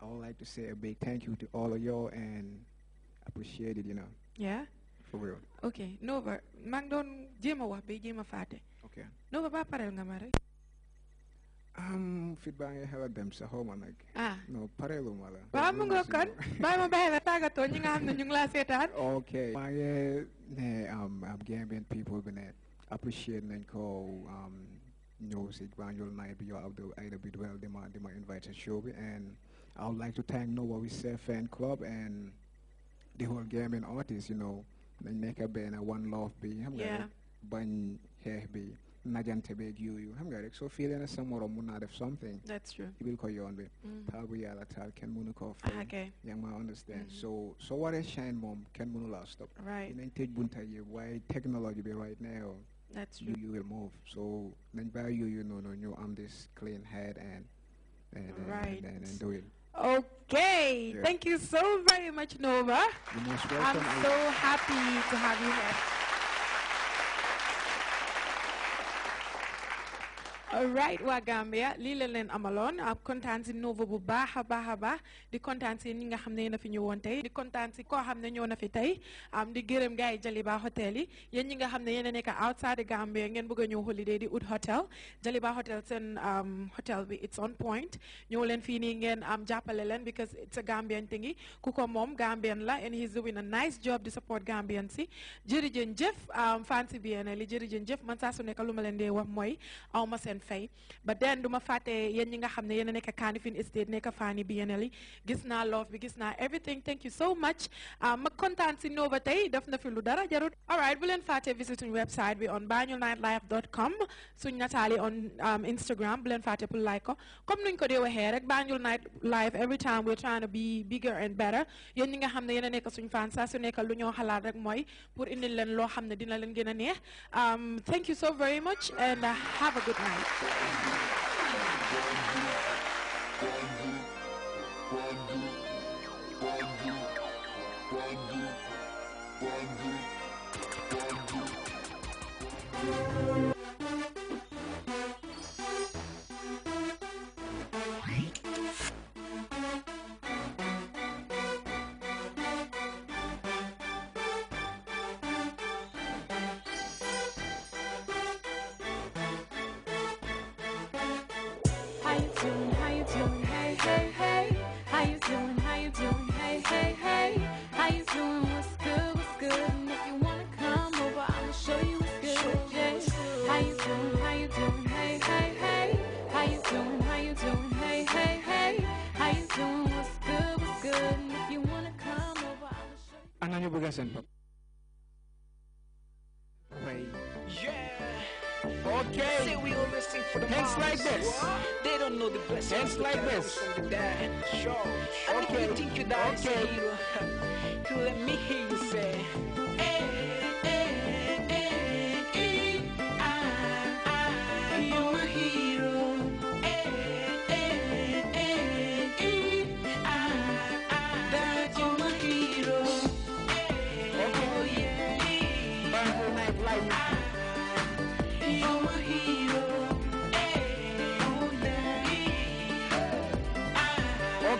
I would like to say a big thank you to all of y'all and appreciate it, you know. Yeah? For real. Okay. Nova, mang don jema wa be jema fate. Okay. Nova ba parel nga mare? Um, feedback I have them sa home nag. Ah. No, parelo mala. Ba mo nga kan? Ba mo ba hela taga to ñi nga xamne ñu la sétan? Okay. Ma ye ne um am Gambian people gonna appreciate nañ ko um no sig banjol nay bi yo abdou ayda bi well dima dima invite show bi and I would like to thank Noah Research Fan Club and the whole gaming artists, you know, the Neka Ben, One Love B, I'm yeah. Bun beg Najan Tebeg Yu, I'm got so feeling somewhat or moon out of something. That's true. You will call you on me. Mm. Tabu Yala Tal, Ken Munukov. Ah, okay. Young man, understand. Mm. So, so what is Shine Mom, Ken Munula stop. Right. And then take Bunta, why technology be right now. That's true. You, will move. So, then by you, you know, no, you arm this clean head and, and, and, right. and, and, and do it. Okay, yeah. thank you so very much, Nova. I'm so happy to have you here. alright waa Gambia lii la leen amaloon ab kontaan si nouveau bu baax a baax a baax di kontaan si nga xam ne fi di si ñëw na fi tey am di gërëm gars Jaliba hotel yi yéen ñi nga xam ne outside Gambia ngeen bëgg a ñëw holiday di ut hotel Jaliba hotel seen hotel bi it's on point ñëw leen fii nii ngeen am jàppale len because it's a Gambian thingy ku ko moom Gambian la and he's doing a nice job to support Gambian si jërëjëf jëf fancy bien li jërëjëf jëf man saa su nekk lu ma leen dee wax mooy fay but then du ma fàtte yéen ñi nga xam ne yéen a nekk Kanifing Estate nekk Fani Biennale gis naa love bi gis naa everything thank you so much ah, ma kontaan si Nova tey def na fi lu dara jarut all right bu leen fàtte visit suñu website bi on banjulnightlife.com suñu nataali on um, Instagram bu leen fàtte pour like ko comme nuñ ko dee waxee rek Banjul Nightlife every time we're trying to be bigger and better yéen ñi nga xam ne yéen a nekk suñu fan saa su nekk lu ñoo xalaat rek mooy pour indil leen loo xam ne dina leen gën a neex um, thank you so very much and uh, have a good night Thank you. How you doing? How you doing? Hey, hey, hey. How you doing? How you doing? Hey, hey, hey. How you doing? What's good? What's good? And if you wanna come over, I'ma show you what's good. Yeah. How you doing? How you doing? Hey, hey, hey. How you doing? How you doing? Hey, hey, hey. How you doing? What's good? What's good? And if you wanna come over, I'ma show you. Ananya Bugasen, Papa. Okay. Say we for the Hence like this. What? They don't know the best. Hence like this. Sure. I okay. think you think you Okay. let me hear you say.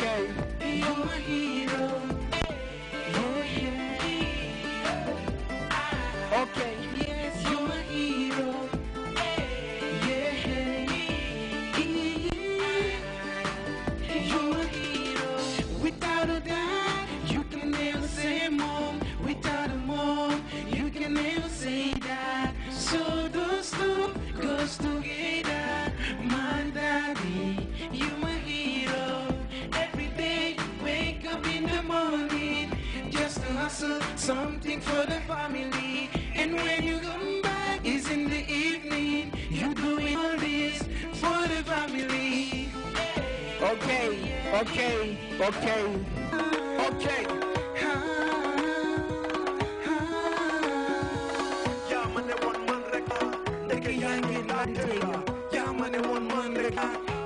okay. You're a hero. Okay, okay, okay. Llámame one man record, de que ya en el arte. Llámame one man record.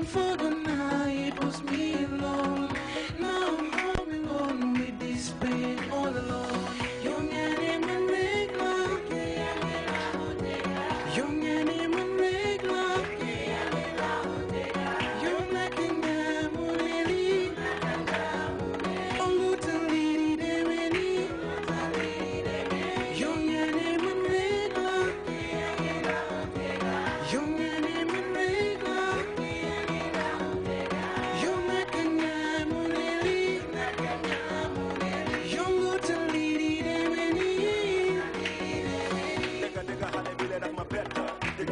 going for the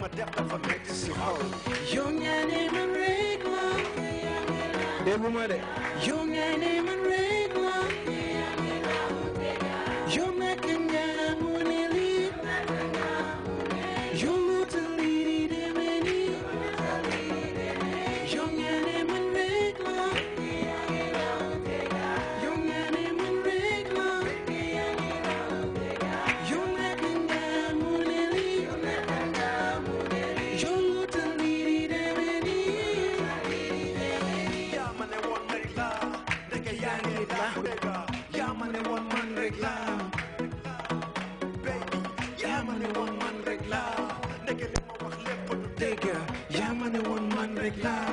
ma def dafa metti si xol yow nga ne man rek la yow nga ne man rek ku nekka yaa ma ne woon man rek laa baby yaa ma ne woon man rek laa ndeke li ma wax lépp du dégg yaa ma ne woon man rek laa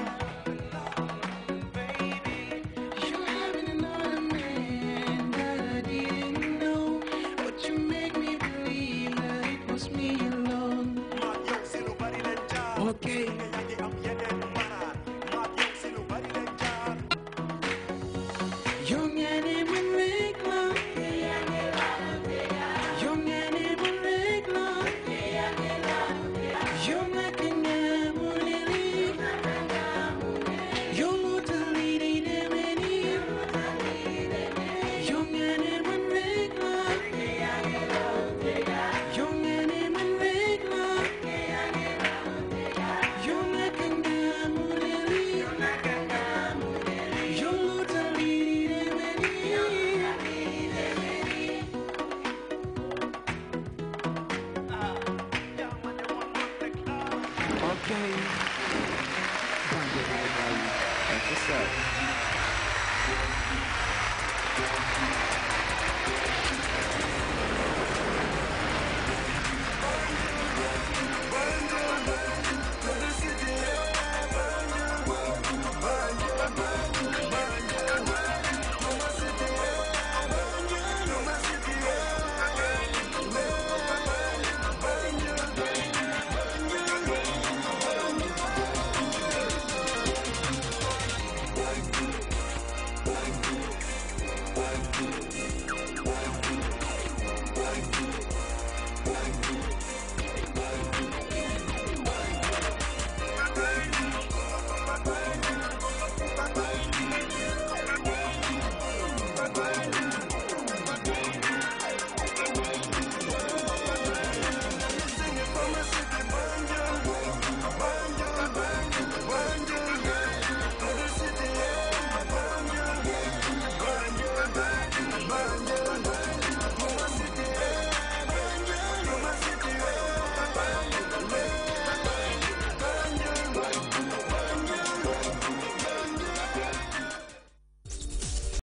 Okay.